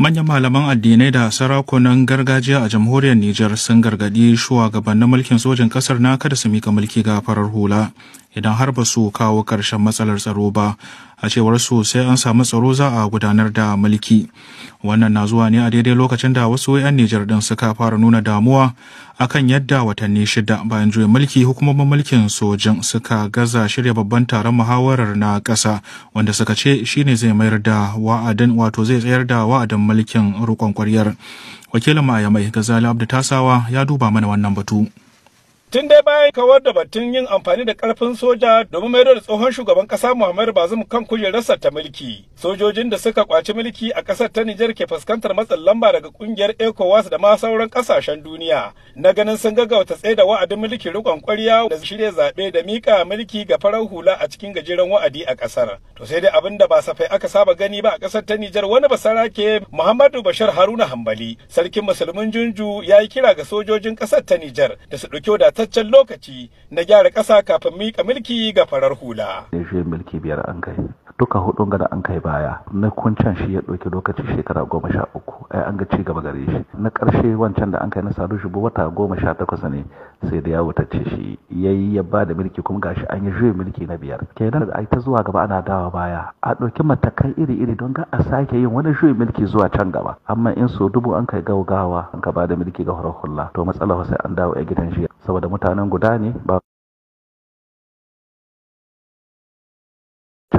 Manyan malaman addinai da sarakunan gargajiya a jamhuriyar Nijar sun gargaɗi shugabannin mulkin sojin ƙasar na kada su mika mulki ga farar hula idan har ba su kawo ƙarshen matsalar tsaro ba a cewar su sai an samu tsaro za a gudanar da mulki wannan na zuwa ne a daidai lokacin da wasu 'yan nijar din suka fara nuna damuwa akan yadda watanni shida bayan juyin mulki hukumomin mulkin sojin suka gaza shirya babban taron muhawarar na ƙasa wanda suka ce shine zai mayar da wa'adin wato zai tsayar da wa'adin mulkin rukon kwaryar wakilin ma'ayamai gazali abdu tasawa ya duba mana wannan batu tun dai bayan kawar da batun yin amfani da karfin soja domin maido da tsohon shugaban ƙasa muhammadu bazum kan kujerarsa ta mulki sojojin da suka kwaci mulki a ƙasar ta nijar ke fuskantar matsin lamba daga kungiyar ecowas da ma sauran ƙasashen duniya na ganin sun gaggauta tsaye da wa'adin mulki rikon kwarya da shirya zaɓe da mika mulki ga farar hula a cikin gajeren wa'adi a ƙasar. to sai dai abin da ba safai aka saba gani ba a ƙasar ta nijar wani basarake muhammadu bashar haruna hambali sarkin musulmin junju ya yi kira ga sojojin ƙasar ta nijar da su ɗauki wadatar takaitaccen lokaci na gyara ƙasa kafin miƙa mulki ga farar hula. mulki biyar an kai. duka hudun gada an kai baya na kuncan shi ya ɗauki lokaci shekara goma sha uku ai an ga ci gaba gare shi na ƙarshe wancan da an kai na sadu shi wata goma sha takwas ne sai da ya wutacce shi yi ya ba da mulki kuma gashi an yi juya mulki na biyar kenan da ai ta zuwa gaba ana dawa baya a ɗauki matakai iri-iri don ga a sake yin wani juya mulki zuwa can gaba amma in so dubu an kai gaugawa an ka ba da mulki ga hurhulla to matsala sai an dawo a gidan jiya. saboda mutanen guda ne ba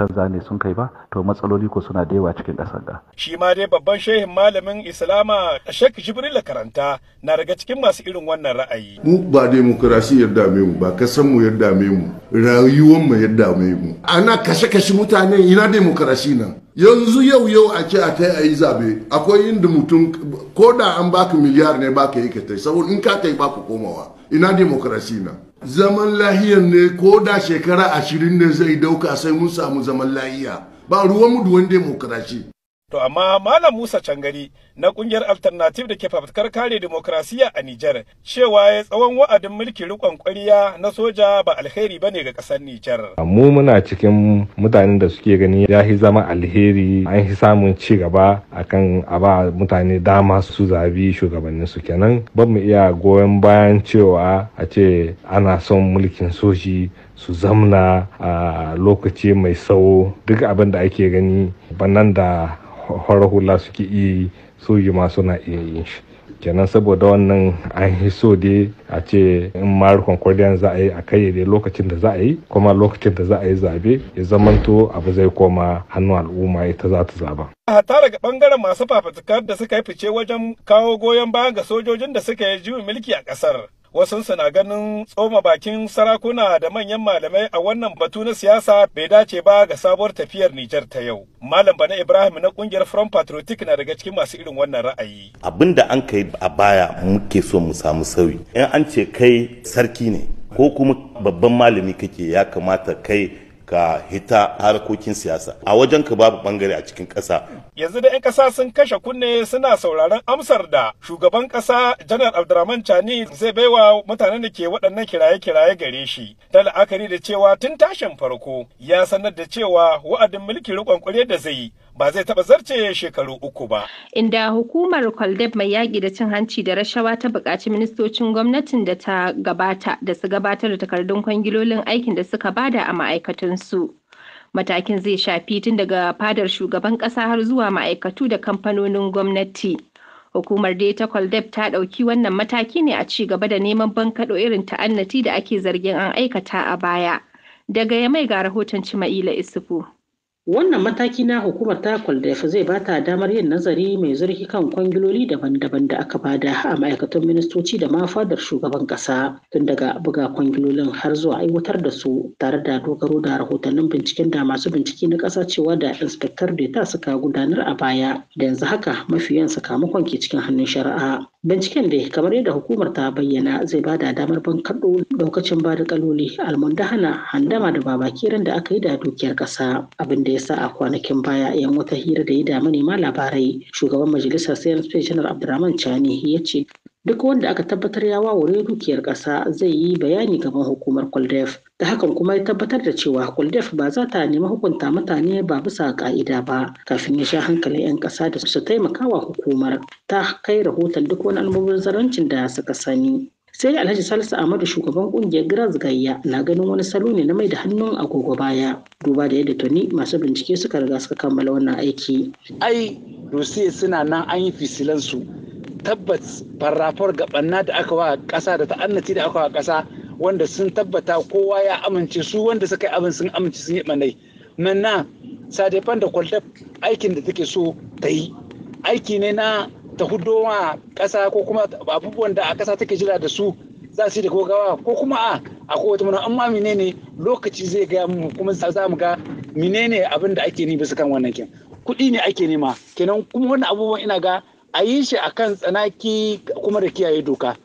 canza zane sun kai ba to matsaloli ko suna da yawa cikin ƙasar da. shi ma dai babban shehin malamin islama shek jibril karanta na daga cikin masu irin wannan ra'ayi. mu ba demokarasi yadda mai mu ba kasan mu yadda mai mu rayuwar mu yadda mai mu ana kashe kashe mutane ina demokarasi nan yanzu yau yau a ce a ta yi zaɓe akwai inda mutum ko da an baka miliyar ne baka yi ka ta saboda in ka yi baka komawa ina demokrasi na zaman lahiyar ne ko da shekara ashirin ne zai dauka sai mun samu zaman lahiya ba ruwan mu duwan demokrasi To amma Malam Musa Cangari na kungiyar Alternative da ke fafutukar kare demokrasiya a Nijar cewa ya tsawon wa'adin mulki rikon kwariya na soja ba alheri bane ga kasar Nijar. Mu muna cikin mutanen da suke gani ya yi zama alheri an yi samun ci gaba akan a ba mutane dama su zabi shugabannin su kenan ba mu iya goyon bayan cewa a ce ana son mulkin soji su zamna a lokaci mai tsawo duk abin da ake gani banan da farar hula suke iya yi soji ma suna iya yin shi kenan saboda wannan an yi so dai a ce in mayar concordia za a yi a kai dai lokacin da za a yi kuma lokacin da za a yi zabe ya zamanto abu zai koma hannu al'umma ita za ta zaba. a tara ga bangaren masu fafatukar da suka yi fice wajen kawo goyon baya ga sojojin da suka yi juyin mulki a kasar wasu na ganin tsoma bakin sarakuna da manyan malamai a wannan batu na siyasa bai dace ba ga sabuwar tafiyar Nijar ta yau. Malam Bana Ibrahim na kungiyar Front Patriotic na daga cikin masu irin wannan ra'ayi. Abin da an kai a baya muke so mu samu sauyi. In an ce kai sarki ne ko kuma babban malami kake ya kamata kai ka hita harkokin siyasa a wajen ka babu bangare a cikin kasa. yanzu da 'yan ƙasa sun kashe kunne suna sauraron amsar da shugaban ƙasa janar abdurrahman chani zai baiwa mutanen da ke waɗannan kiraye-kiraye gare shi ta la'akari da cewa tun tashin farko ya sanar da cewa wa'adin mulki riƙon da zai yi ba zai taɓa zarce shekaru uku ba. Inda hukumar Kwaldeb mai yaƙi da cin hanci da rashawa ta buƙaci ministocin gwamnatin da ta gabata da su gabatar da takardun kwangilolin aikin da suka bada a ma'aikatansu. Matakin zai shafi tun daga fadar shugaban ƙasa har zuwa ma'aikatu da kamfanonin gwamnati. Hukumar da ta Kwaldeb ta ɗauki wannan mataki ne a ci gaba da neman bankaɗo irin ta'annati da ake zargin an aikata a baya. Daga ya mai ga rahoton Cima'ila Isufu. Wannan mataki na hukumar da yafi zai bata damar yin nazari mai zurfi kan kwangiloli daban-daban da aka bada a ma'aikatan ministoci da ma fadar shugaban kasa tun daga buga kwangilolin har zuwa aiwatar da su tare da dogaro da rahotannin binciken da masu bincike na kasa cewa da inspector data suka gudanar a baya da yanzu haka mafi mafiyan sakamakon ke cikin hannun shari'a. Binciken dai kamar yadda hukumar ta bayyana zai bada damar bankaɗo ba da kaloli almundahana handama da babakiran da aka yi da dukiyar ƙasa abin da ya sa a kwanakin baya yan wata hira da ya da manema labarai shugaban majalisar sayan janar abdurrahman chani ya ce Duk wanda aka tabbatar ya wawure dukiyar ƙasa zai yi bayani gaban hukumar Kuldef. Da hakan kuma ya tabbatar da cewa Kuldef ba za ta nemi hukunta mutane ba bisa ka'ida ba kafin ya sha hankalin 'yan ƙasa da su taimakawa hukumar ta kai rahoton duk wani zarancin da suka sani. sai alhaji salisu ahmadu shugaban kungiyar gras gayya na ganin wani salo ne na mai da hannun agogo baya duba da yadda tuni masu bincike suka riga suka kammala wannan aiki ai rusiya suna nan an yi fisilansu tabbas farrafar gabanna da aka wa kasa da ta'annaci da aka wa kasa wanda sun tabbata kowa ya amince su wanda suka yi abin sun amince sun yi ɓanai manna sadefan da kwalta aikin da take so ta yi aiki ne na ta hudo wa ƙasa ko kuma abubuwan da a kasa take jira da su za su yi da gogawa ko kuma a akwai wata mana amma menene lokaci zai ga mu kuma za mu ga menene abin da ake ni bisa kan wannan kin kuɗi ne ake nema kenan kuma wannan abubuwan ina ga a yi shi a kan tsanaki kuma da kiyaye doka.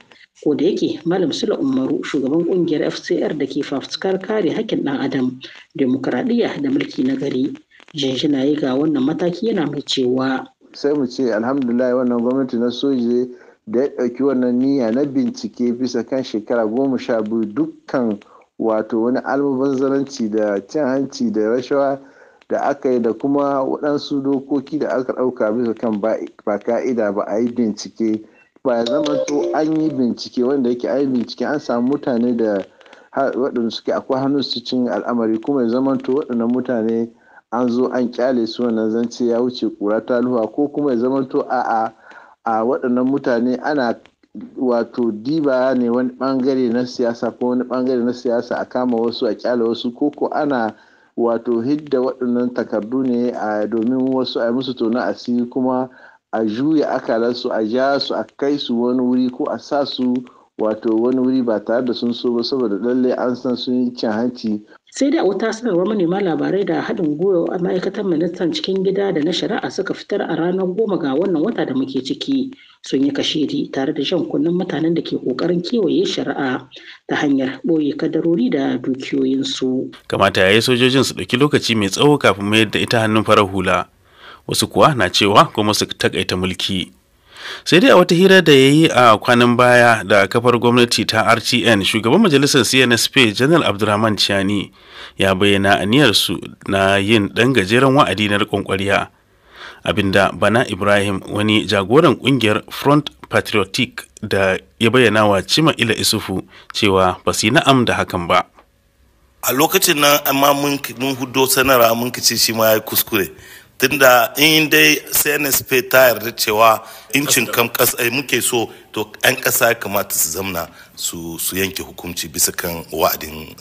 ko da yake malam sula umaru shugaban kungiyar fcr da ke fafutukar kare hakkin ɗan adam demokuraɗiyya da mulki na gari jinjina yi ga wannan mataki yana mai cewa sai mu ce alhamdulillah wannan gwamnati na soje da ya ɗauki wannan niyya na bincike bisa kan shekara goma sha biyu dukkan wato wani almubazzaranci da cin hanci da rashawa da aka yi da kuma waɗansu dokoki da aka ɗauka bisa kan ba ka'ida ba a yi bincike ba ya zama to an yi bincike wanda yake a yi bincike an samu mutane da waɗanda suke akwai hannun su cin al'amari kuma ya zama to waɗannan mutane an zo an kyale su wannan zance ya wuce ƙura ta luwa ko kuma ya zama to a a waɗannan mutane ana wato diba ne wani bangare na siyasa ko wani bangare na siyasa a kama wasu a kyale wasu ko ko ana wato hidda waɗannan takardu ne a domin wasu a musu tona asiri kuma a juya akalansu a ja su a kai su wani wuri ko a sa su wato wani wuri ba tare da sun so ba saboda lallai an san sun yi cin hanci sai da wata sanarwa manema labarai da haɗin gwiwa a ma'aikatan ministan cikin gida da na shari'a suka fitar a ranar goma ga wannan wata da muke ciki sun yi kashedi tare da shan kunnen mutanen da ke kokarin kewaye shari'a ta hanyar ɓoye kadarori da dukiyoyinsu. Kamata ya yi sojojin su ɗauki lokaci mai tsawo kafin mayar da ita hannun farar hula. Wasu kuwa na cewa kuma su takaita mulki. sai dai a wata hira da ya yi a kwanan baya da kafar gwamnati ta rtn shugaban majalisar cnsp janar abdulrahman chiani ya bayyana aniyarsu na yin ɗan gajeren wa'adi na riƙon ƙwarya abinda bana ibrahim wani jagoran kungiyar front patriotic da ya bayyana wa cima ila isufu cewa ba su yi na'am da hakan ba a lokacin nan amma mun hudo sanara mun kici shi ma ya kuskure tunda in dai cnsp ta yarda cewa incin kam eh, muke so to 'yan ƙasa kamata su zamna su yanke hukunci bisa kan wa'adin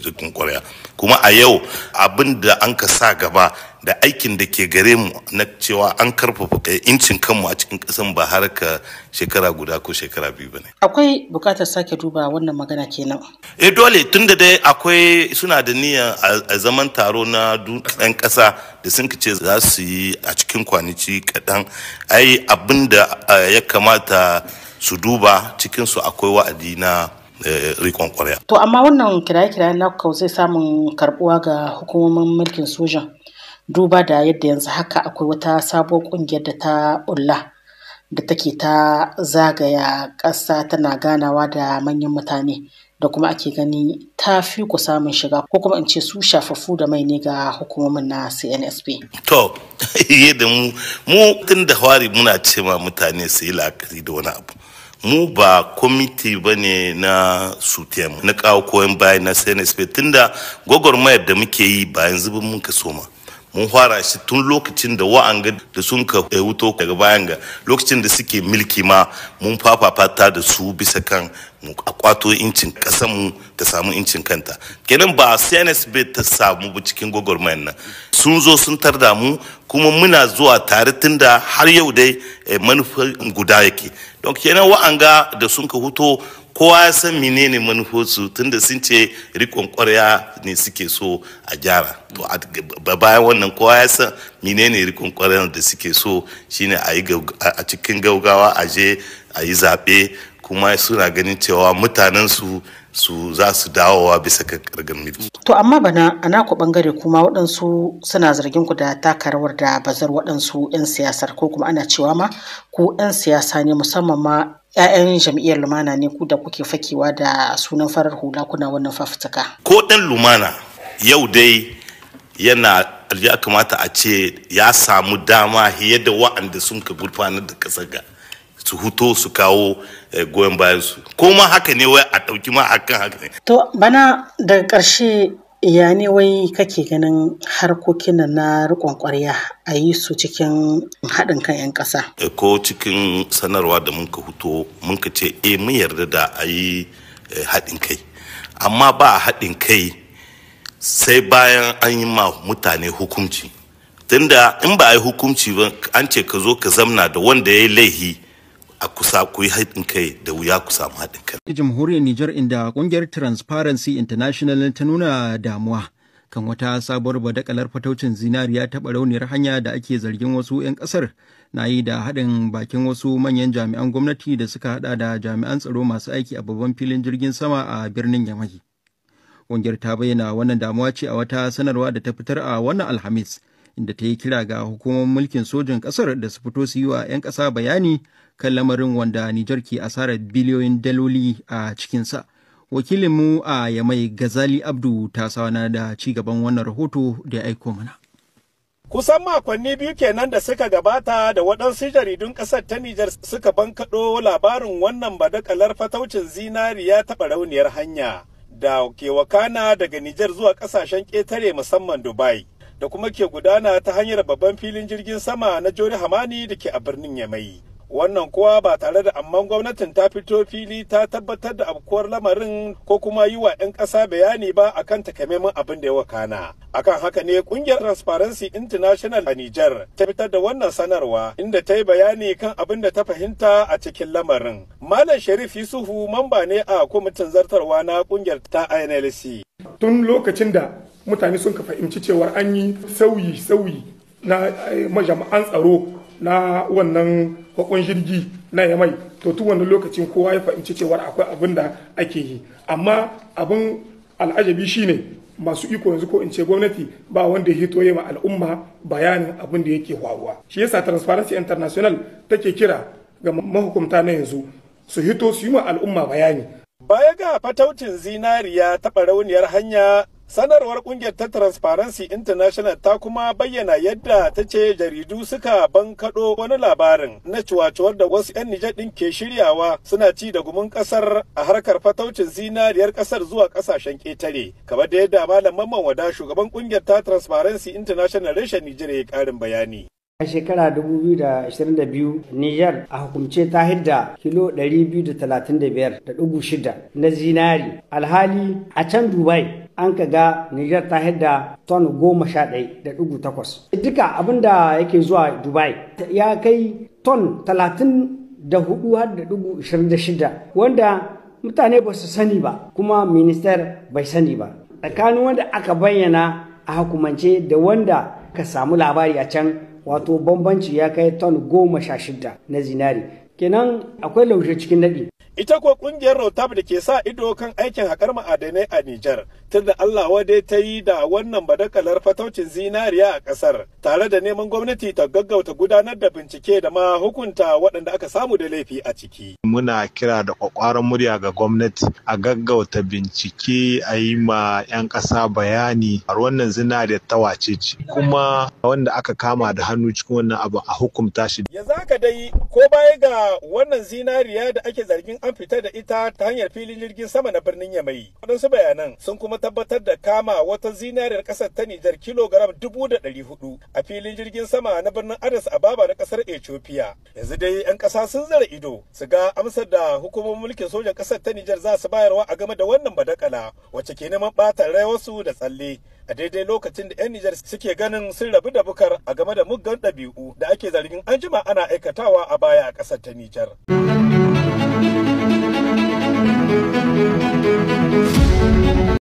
zurfin eh, kwarya kuma a yau abin da an ka sa gaba da aikin da ke gare mu na cewa an karfafa eh, incin kanmu a cikin ƙasan ba har ka shekara guda ko shekara biyu ba ne. akwai buƙatar sake duba wannan magana kenan. eh dole tun da dai akwai suna da niyya a zaman taro na ɗan ƙasa da sun ce za su yi a cikin kwanici kaɗan ai abin eh, ya kamata su duba cikinsu akwai wa'adi na eh, rikon kwarya. To amma wannan kiraye kiraye na kau zai samun karbuwa ga hukumomin mulkin sojan duba da yadda yanzu haka akwai wata sabuwar kungiyar da ta bulla da take ta zagaya ƙasa tana ganawa da manyan mutane da kuma ake gani ta fi ku samun shiga ko kuma in ce su shafafu da mai ne ga hukumomin na cnsp to yadda mu tun da hawari muna cewa mutane su yi la'akari da wani abu mu ba kwamiti ba ne na sutem na kawo koyon bayan na cnsp tunda gwagwarmayar da muke yi ba yanzu mun ka soma mun fara shi tun lokacin da wa'anga da sun ka eh, wuto daga bayan ga lokacin da suke milki ma mun fafafata da su bisa kan a kwato incin kasan mu ta samu incin kanta kenan ba cns bai ta samu ba cikin gwagwarmayan nan sun zo sun da mu kuma muna zuwa tare tun da har yau dai eh, manufar guda yake don kenan wa'anga da sun ka huto kowa ya san menene manufosu tunda sun ce rikon kwarya ne suke so a gyara to bayan wannan kowa ya san menene rikon kwarya da suke so shine a yi a cikin gaugawa a je a yi zaɓe kuma suna ganin cewa su. su za su dawowa bisa ga kargar To amma bana ana ku bangare kuma waɗansu suna zargin ku da taka rawar da bazar waɗansu 'yan siyasar ko kuma ana cewa ma ku 'yan siyasa ne musamman ma 'ya'yan jam'iyyar lumana ne ku da kuke fakewa da sunan farar hula kuna wannan fafutuka. Ko ɗan lumana yau dai yana ya kamata a ce ya samu dama fiye da wa'anda sun ka gurfanar da ƙasar ga. su huto su kawo eh, goyon bayan su ko ma haka ne wai a ɗauki ma hakan haka ne. to bana daga ƙarshe ya ne wai kake ganin harkokin nan na riƙon ƙwarya a yi su cikin haɗin kan 'yan ƙasa. Eh, ko cikin sanarwa da mun ka huto mun ka ce e mun yarda da a yi haɗin kai amma ba haɗin kai sai bayan an yi ma mutane hukunci tunda in ba a yi hukunci ba an ce ka zo ka zamna da wanda ya yi laihi a kusa ku yi haɗin kai da wuya ku samu haɗin kai. Jamhuriyar Nijar inda ƙungiyar Transparency International ta nuna damuwa kan wata sabuwar badakalar fataucin zinariya ta barauniyar hanya da ake zargin wasu 'yan ƙasar na yi da haɗin bakin wasu manyan jami'an gwamnati da suka haɗa da jami'an tsaro masu aiki a babban filin jirgin sama a birnin Yamai. Ƙungiyar ta bayyana wannan damuwa ce a wata sanarwa da ta fitar a wannan Alhamis. inda ta yi kira ga hukumar mulkin sojin ƙasar da su fito su yi wa 'yan ƙasa bayani kan lamarin wanda Nijar ke asarar biliyoyin daloli a cikinsa. Wakilinmu a Yamai Gazali Abdu ta sauna da ci gaban wannan rahoto da ya aiko mana. Kusan makonni biyu kenan da suka gabata da waɗansu jaridun ƙasar ta Nijar suka bankaɗo labarin wannan badakalar fataucin zinariya ta barauniyar hanya da ke wakana daga Nijar zuwa ƙasashen ƙetare musamman Dubai da kuma ke gudana ta hanyar babban filin jirgin sama na Jori Hamani da ke a birnin Yamai. wannan kowa ba tare da amman gwamnatin ta fito fili ta tabbatar da abkuwar lamarin ko kuma yi wa 'yan ƙasa bayani ba a kan takamaiman abin da ya wakana akan haka ne kungiyar transparency international a niger ta fitar da wannan sanarwa inda ta yi bayani kan abin da ta fahimta a cikin lamarin malam sharif yusufu mamba ne a kwamitin zartarwa na kungiyar ta inlc tun lokacin da mutane sun fahimci cewar an yi sauyi sauyi na eh, majami'an tsaro na wannan bakon jirgi na yamai to tun wani lokacin kowa ya fahimci cewa akwai abin da ake yi amma abin al'ajabi shine masu iko yanzu ko in ce gwamnati ba wanda ya hito ma al'umma bayanin abin da yake faruwa shi yasa transparency international take kira ga mahukumta na yanzu su hito su yi ma al'umma bayani baya ga fataucin zinariya ta barauniyar hanya sanarwar kungiyar ta transparency international ta kuma bayyana yadda ta ce jaridu suka bankaɗo wani labarin na cuwacuwar da wasu 'yan nijar ɗin ke shiryawa suna ci da gumin ƙasar a harkar fataucin zinariyar ƙasar zuwa ƙasashen ƙetare kamar da yadda malam mamman wada shugaban kungiyar ta transparency international reshen nijar ya ƙarin bayani A shekara 2022 Niger a hukumce ta hidda kilo 235.6 na zinari. Alhali a can Dubai an ka ga Nijar ta hidda ton 11.8. Duka da yake zuwa Dubai ya kai ton 34.26 wanda mutane ba su sani ba kuma minister bai sani ba. Tsakanin wanda aka bayyana a hukumance da wanda aka samu labari a can wato bambanci ya kai ton goma sha shida na zinari kenan akwai laushe cikin naɗi. ita ko kungiyar rotab da ke sa ido kan aikin haƙar ma'adanai a nijar tunda Allah wade ta yi da wannan badakalar fataucin zinariya a ƙasar tare da neman gwamnati ta gaggauta gudanar da bincike da ma hukunta waɗanda aka samu da laifi a ciki. Muna kira da kwakwaran murya ga gwamnati a gaggauta bincike a yi ma 'yan ƙasa bayani a wannan zinariya ta wace ce kuma wanda aka kama da hannu cikin wannan abu a hukunta shi. Ya zaka dai ko baya ga wannan zinariya da ake zargin an fita da ita ta hanyar filin jirgin sama na birnin Yamai. Waɗansu bayanan sun kuma tabbatar da kama wata zinariyar ƙasar ta Nijar kilogram dubu da ɗari hudu a filin jirgin sama na birnin Addis Ababa na ƙasar Ethiopia. Yanzu dai 'yan ƙasa sun zara ido su ga amsar da hukumomin mulkin sojan ƙasar ta Nijar za su bayarwa a game da wannan badakala wacce ke neman ɓata rayuwarsu da tsalle. a daidai lokacin da 'yan Nijar suke ganin sun rabu da bukar a game da muggan ɗabi'u da ake zargin an jima ana aikatawa a baya a ƙasar ta Nijar. thank you